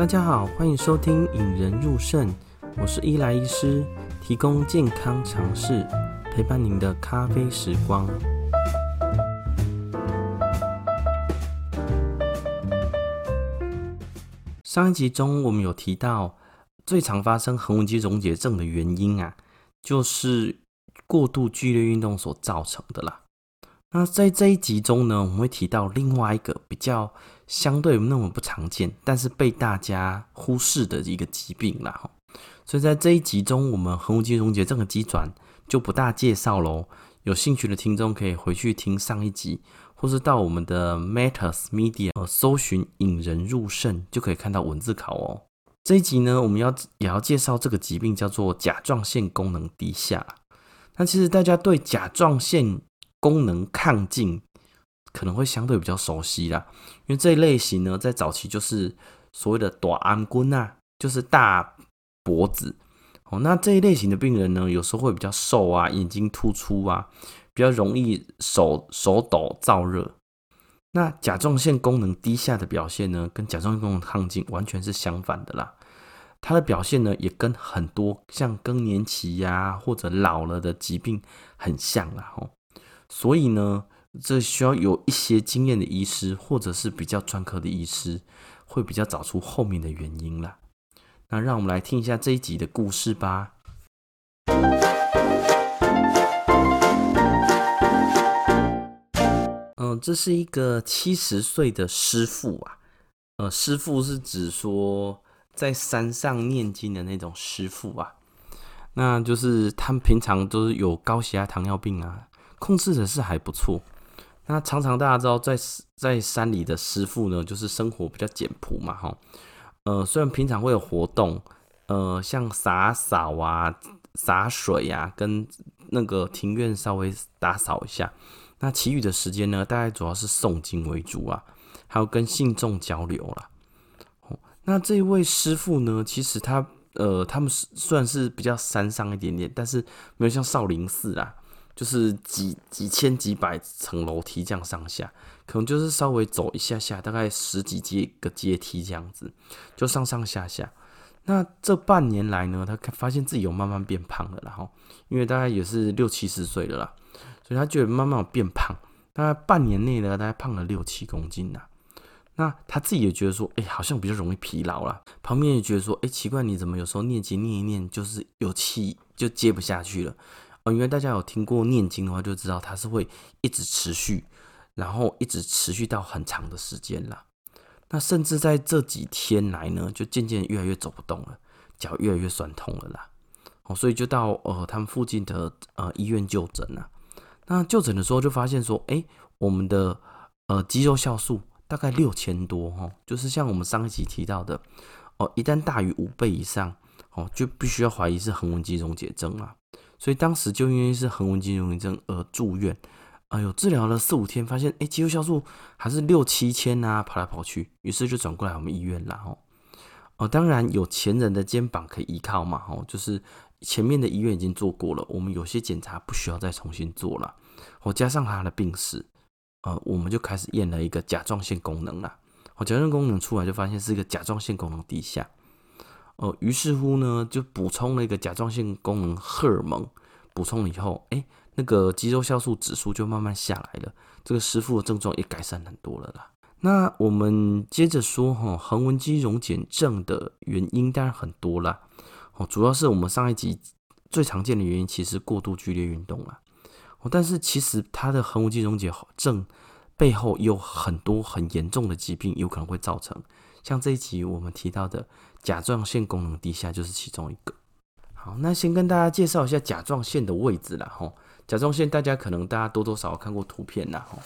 大家好，歡迎收聽《引人入勝》，我是伊萊醫師，提供健康常識，陪伴您的咖啡時光。上一集中我們有提到，最常發生橫紋肌溶解症的原因啊，就是過度劇烈運動所造成的啦。那在這一集中呢，我們會提到另外一個比較相對那麼不常見，但是被大家忽視的一個疾病啦。所以在這一集中，我們橫紋肌溶解症這個機轉就不大介紹嘍。有興趣的聽眾可以回去聽上一集，或是到我們的 Matters Media 搜尋「引人入勝」，就可以看到文字稿哦。這一集呢，我們要也要介紹這個疾病叫做甲狀腺功能低下。那其實大家對甲狀腺功能亢進。可能會相對比較熟悉啦，因為這一類型呢，在早期就是所謂的大頷胿啊，就是大脖子哦。那這一類型的病人呢，有時候會比較瘦啊，眼睛突出啊，比較容易手手抖、燥熱。那甲狀腺功能低下的表現呢，跟甲狀腺功能亢進完全是相反的啦。它的表現呢，也跟很多像更年期呀、啊，或者老了的疾病很像啊。吼，所以呢。這需要有一些經驗的醫師，或者是比較專科的醫師，會比較找出後面的原因啦。那讓我們來聽一下這一集的故事吧。嗯，這是一個七十歲的師父啊。呃，師父是指說在山上念經的那種師父啊。那就是他們平常都是有高血壓、糖尿病啊，控制的是還不錯。那常常大家知道，在在山裡的師父呢，就是生活比較簡樸嘛，哈，呃，雖然平常會有活動，呃，像灑掃啊、灑水啊，跟那個庭院稍微打掃一下。那其餘的時間呢，大概主要是誦經為主啊，還有跟信眾交流啦。啊，那這一位師父呢，其實他呃，他們是算是比較山上一點點，但是沒有像少林寺啊。就是幾幾千幾百層樓梯這樣上下，可能就是稍微走一下下，大概十幾階個階梯這樣子，就上上下下。那這半年來呢，他發現自己有慢慢變胖了，然後因為大概也是六七十歲了啦，所以他覺得慢慢有變胖。那半年內呢，大概胖了六七公斤了。那他自己也覺得說，哎、欸，好像比較容易疲勞了。旁邊也覺得說，哎、欸，奇怪，你怎麼有時候念經念一念就是有氣就接不下去了。哦，因為大家有聽過念經的話，就知道它是會一直持續，然後一直持續到很長的時間啦，那甚至在這幾天來呢，就漸漸越來越走不動了，腳越來越痠痛了啦。哦，所以就到呃他們附近的呃醫院就診了。那就診的時候就發現說，誒，我們的呃肌肉酵素大概六千多哦，就是像我們上一集提到的，哦，一旦大於五倍以上，哦，就必須要懷疑是橫紋肌溶解症了。所以當時就因為是橫紋肌溶解症而住院，哎、呃、呦，有治療了四五天，發現哎，肌肉酵素還是六七千啊，跑來跑去，於是就轉過來我們醫院了。哦，哦，當然有前人的肩膀可以依靠嘛，哦，就是前面的醫院已經做過了，我們有些檢查不需要再重新做了。我加上他的病史，呃，我們就開始驗了一個甲狀腺功能了。哦，甲狀腺功能出來就發現是一個甲狀腺功能低下。哦、呃，於是乎呢，就補充那個甲狀腺功能荷爾蒙，補充了以後，哎，那個肌肉酵素指數就慢慢下來了，這個師傅的症狀也改善很多了啦。那我們接着說哈，橫紋肌溶解症的原因當然很多啦，哦，主要是我們上一集最常見的原因其實過度劇烈運動啦，哦，但是其實它的橫紋肌溶解症背後有很多很嚴重的疾病有可能會造成。像這一集我們提到的甲狀腺功能低下就是其中一個。好，那先跟大家介紹一下甲狀腺的位置啦，吼，甲狀腺大家可能大家多多少少看過圖片啦，吼，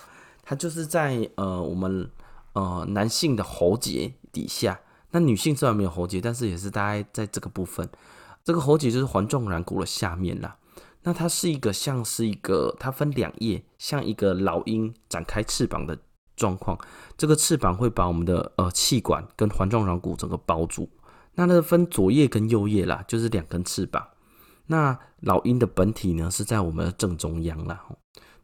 它就是在呃我們呃男性的喉結底下，那女性雖然沒有喉結，但是也是大概在這個部分，這個喉結就是環狀軟骨的下面啦，那它是一個像是一個，它分兩葉，像一個老鷹展開翅膀的。狀況，這個翅膀會把我們的呃氣管跟環狀軟骨整個包住。那它分左葉跟右葉啦，就是兩根翅膀。那老鷹的本體呢，是在我們的正中央啦。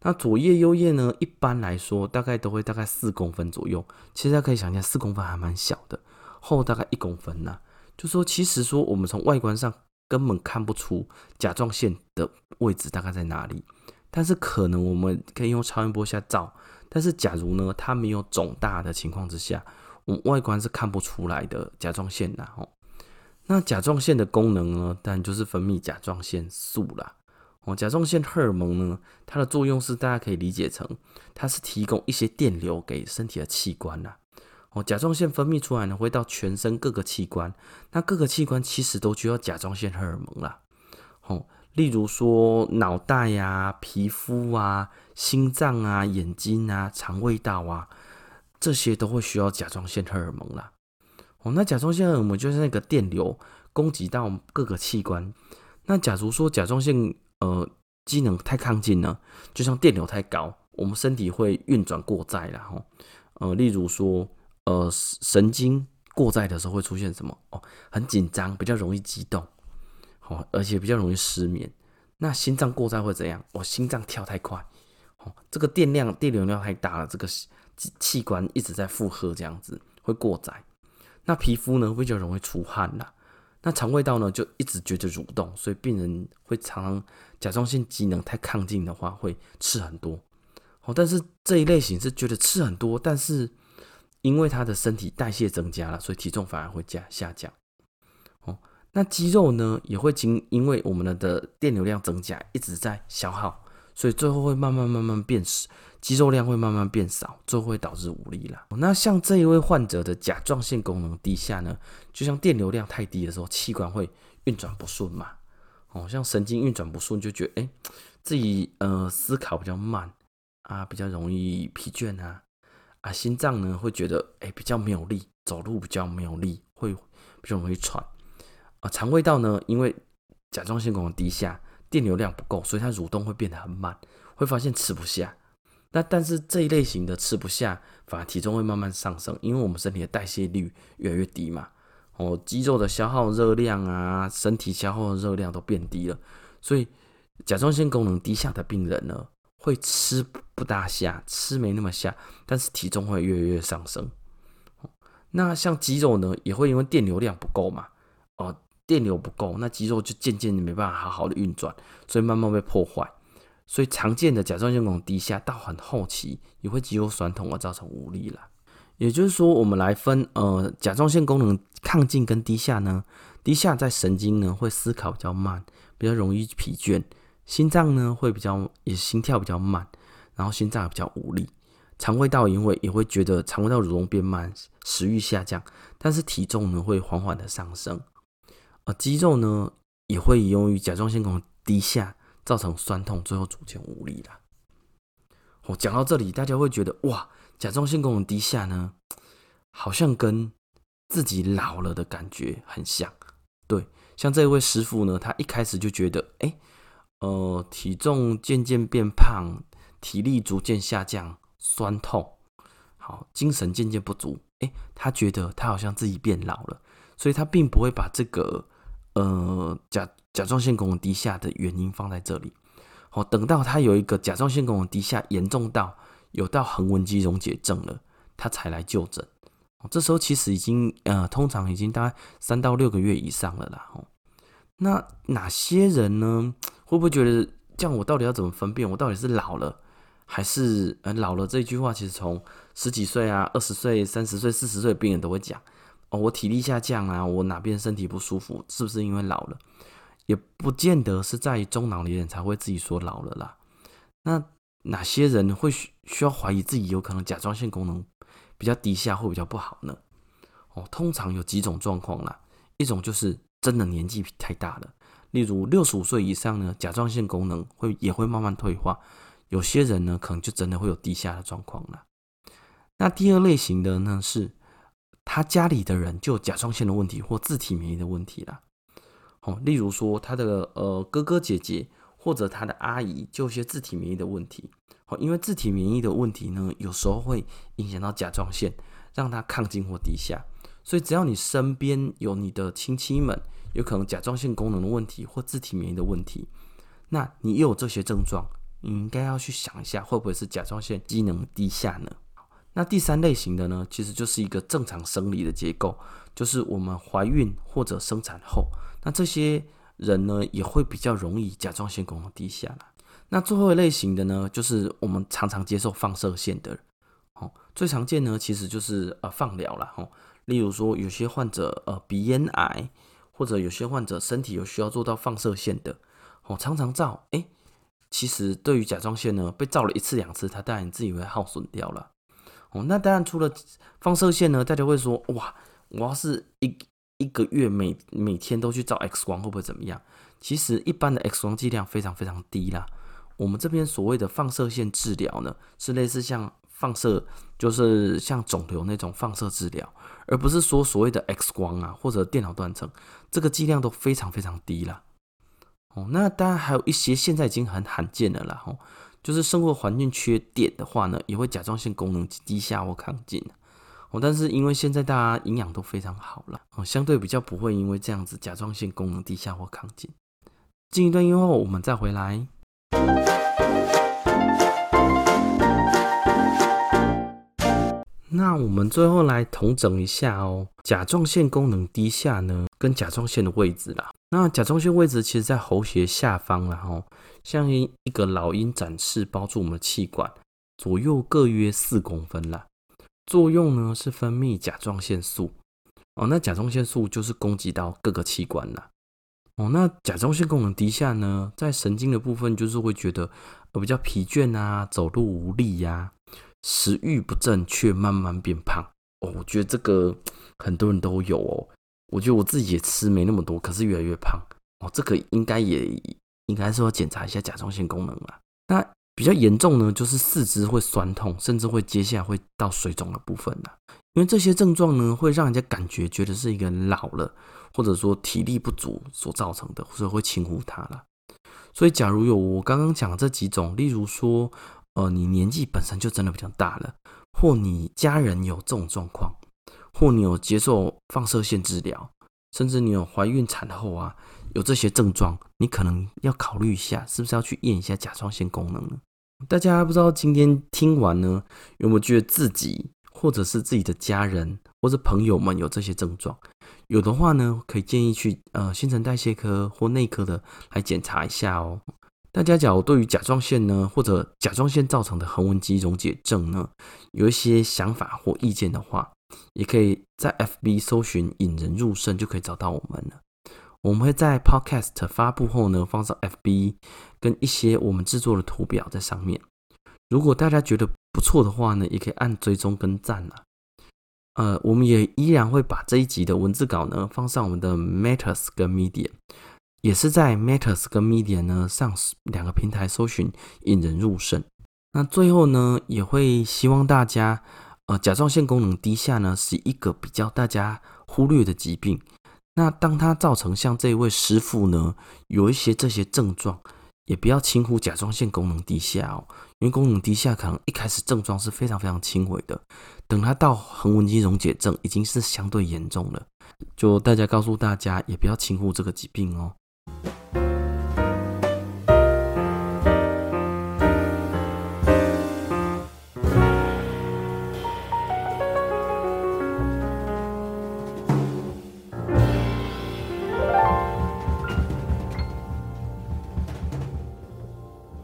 那左葉右葉呢，一般來說大概都會大概四公分左右。其實大家可以想一下，四公分還蠻小的，厚大概一公分呢。就說其實說我們從外觀上根本看不出甲狀腺的位置大概在哪裡，但是可能我們可以用超音波下照。但是，假如呢，它沒有腫大的情況之下，我們外觀是看不出來的甲狀腺呢。哦，那甲狀腺的功能呢，當然就是分泌甲狀腺素啦。哦，甲狀腺荷爾蒙呢，它的作用是大家可以理解成，它是提供一些電流給身體的器官啦。哦，甲狀腺分泌出來呢，會到全身各個器官，那各個器官其實都需要甲狀腺荷爾蒙啦。例如說，腦袋呀、啊、皮膚啊、心臟啊、眼睛啊、腸胃道啊，這些都會需要甲狀腺荷爾蒙啦。哦，那甲狀腺荷爾蒙就是那個電流供給到各個器官。那假如說甲狀腺呃機能太亢進呢，就像電流太高，我們身體會運轉過載啦。吼、哦，呃，例如說，呃，神經過載的時候會出現什麼？哦，很緊張，比較容易激動。哦，而且比較容易失眠。那心臟過載會怎樣？哦，心臟跳太快，哦，這個電量、電流量太大了，這個器器官一直在負荷，這樣子會過載。那皮膚呢，會比較容易出汗啦。那腸胃道呢，就一直覺得蠕動，所以病人會常常甲狀腺機能太亢進的話，會吃很多。哦，但是這一類型是覺得吃很多，但是因為他的身體代謝增加了，所以體重反而會降下降。那肌肉呢，也會經因為我們的電流量增加，一直在消耗，所以最後會慢慢慢慢變少，肌肉量會慢慢變少，最後會導致無力了。那像這一位患者的甲狀腺功能低下呢，就像電流量太低的時候，器官會運轉不順嘛。哦，像神經運轉不順，就覺得哎、欸，自己呃思考比較慢啊，比較容易疲倦啊。啊，心臟呢會覺得哎、欸，比較沒有力，走路比較沒有力，會比較容易喘。啊，腸胃、呃、道呢，因為甲狀腺功能低下，電流量不夠，所以它蠕動會變得很慢，會發現吃不下。那但是這一類型的吃不下，反而體重會慢慢上升，因為我們身體的代謝率越來越低嘛，哦，肌肉的消耗熱量啊，身體消耗的熱量都變低了，所以甲狀腺功能低下的病人呢，會吃不大下，吃沒那麼下，但是體重會越來越上升。那像肌肉呢，也會因為電流量不夠嘛，哦、呃。電流不夠，那肌肉就漸漸的沒辦法好好的運轉，所以慢慢被破壞。所以常見的甲狀腺功能低下到很後期，也會肌肉酸痛而造成無力了。也就是說，我們來分呃，甲狀腺功能亢進跟低下呢。低下在神經呢會思考比較慢，比較容易疲倦，心臟呢會比較也心跳比較慢，然後心臟也比較無力。腸胃道也會也會覺得腸胃道蠕動變慢，食欲下降，但是體重呢會緩緩的上升。肌肉呢，也會由於甲狀腺功能低下造成酸痛，最後逐漸無力啦。我、哦、講到這裡，大家會覺得哇，甲狀腺功能低下呢，好像跟自己老了的感覺很像。對，像這位師傅呢，他一開始就覺得，哎，呃，體重漸漸變胖，體力逐漸下降，酸痛，好，精神漸漸不足，哎，他覺得他好像自己變老了，所以他並不會把這個。呃，甲甲狀腺功能低下的原因放在這裡，好，哦，等到他有一個甲狀腺功能低下嚴重到有到橫紋肌溶解症了，他才來就診，哦，這時候其實已經呃，通常已經大概三到六個月以上了啦，哦，那哪些人呢？會不會覺得這樣？我到底要怎麼分辨？我到底是老了還是呃老了？這句話其實從十幾歲啊、二十歲、三十歲、四十歲的病人都會講。哦，我體力下降啊，我哪邊身體不舒服，是不是因為老了？也不見得是在於中老年人才會自己說老了啦。那哪些人會需需要懷疑自己有可能甲狀腺功能比較低下會比較不好呢？哦，通常有幾種狀況啦，一種就是真的年紀太大了，例如六十五歲以上呢，甲狀腺功能會也會慢慢退化，有些人呢可能就真的會有低下的狀況了。那第二類型的呢是。他家裡的人就有甲狀腺的問題，或自體免疫的問題啦。哦，例如說他的呃哥哥姐姐，或者他的阿姨，就有些自體免疫的問題。哦，因為自體免疫的問題呢，有時候會影響到甲狀腺，讓它亢進或低下。所以只要你身邊有你的親戚們，有可能甲狀腺功能的問題或自體免疫的問題，那你有這些症狀，你應該要去想一下，會不會是甲狀腺機能低下呢？那第三類型的呢，其實就是一個正常生理的結構，就是我們懷孕或者生產後，那這些人呢也會比較容易甲狀腺功能低下。那最後一類型的呢，就是我們常常接受放射線的哦，最常見呢其實就是呃放療了哦，例如說有些患者呃鼻咽癌，NI, 或者有些患者身體有需要做到放射線的哦，常常照，哎、欸，其實對於甲狀腺呢，被照了一次兩次，它當然自己會耗損掉了。哦，那當然，除了放射線呢，大家會說哇，我要是一一個月每每天都去照 X 光，會不會怎麼樣？其實一般的 X 光劑量非常非常低啦。我們這邊所謂的放射線治療呢，是類似像放射，就是像腫瘤那種放射治療，而不是說所謂的 X 光啊或者電腦斷層，這個劑量都非常非常低啦。哦，那當然還有一些現在已經很罕見的了啦，吼。就是生活環境缺碘的話呢，也會甲狀腺功能低下或亢進。哦，但是因為現在大家營養都非常好了，哦，相對比較不會因為這樣子甲狀腺功能低下或亢進。進一段音樂我們再回來。那我們最後來統整一下哦，甲狀腺功能低下呢，跟甲狀腺的位置啦。那甲狀腺位置其實在喉結下方，然後像一一個老鷹展翅包住我們的氣管，左右各約四公分啦，作用呢是分泌甲狀腺素。哦，那甲狀腺素就是攻擊到各個器官了。哦，那甲狀腺功能低下呢，在神經的部分就是會覺得，呃，比較疲倦啊，走路無力呀、啊，食欲不振卻慢慢變胖。哦，我覺得這個很多人都有哦、喔。我覺得我自己也吃沒那麼多，可是越來越胖哦，這個應該也應該是要檢查一下甲狀腺功能吧？那比較嚴重呢，就是四肢會痠痛，甚至會接下來會到水腫的部分。因為這些症狀呢，會讓人家感覺覺得是一個人老了，或者說體力不足所造成的，或者會輕忽它了。所以假如有我剛剛講這幾種，例如說，呃，你年紀本身就真的比較大了，或你家人有這種狀況。或你有接受放射線治療，甚至你有懷孕、產後啊，有這些症狀，你可能要考慮一下，是不是要去驗一下甲狀腺功能呢？大家不知道今天聽完呢，有沒有覺得自己或者是自己的家人或者是朋友們有這些症狀？有的話呢，可以建議去呃新陳代謝科或內科的來檢查一下哦、喔。大家假如對於甲狀腺呢，或者甲狀腺造成的橫紋肌溶解症呢，有一些想法或意見的話。也可以在 FB 搜尋“引人入勝”就可以找到我們了。我們會在 Podcast 發布後呢，放上 FB 跟一些我們製作的圖表在上面。如果大家覺得不錯的話呢，也可以按追蹤跟讚了啊。呃，我們也依然會把這一集的文字稿呢放上我們的 Matters 跟 Media，也是在 Matters 跟 Media 呢上兩個平台搜尋“引人入勝”。那最後呢，也會希望大家。呃，甲狀腺功能低下呢是一個比較大家忽略的疾病。那當它造成像這位師傅呢有一些這些症狀，也不要輕忽甲狀腺功能低下哦，因為功能低下可能一開始症狀是非常非常輕微的，等它到橫紋肌溶解症已經是相對嚴重了。就大家告訴大家，也不要輕忽這個疾病哦。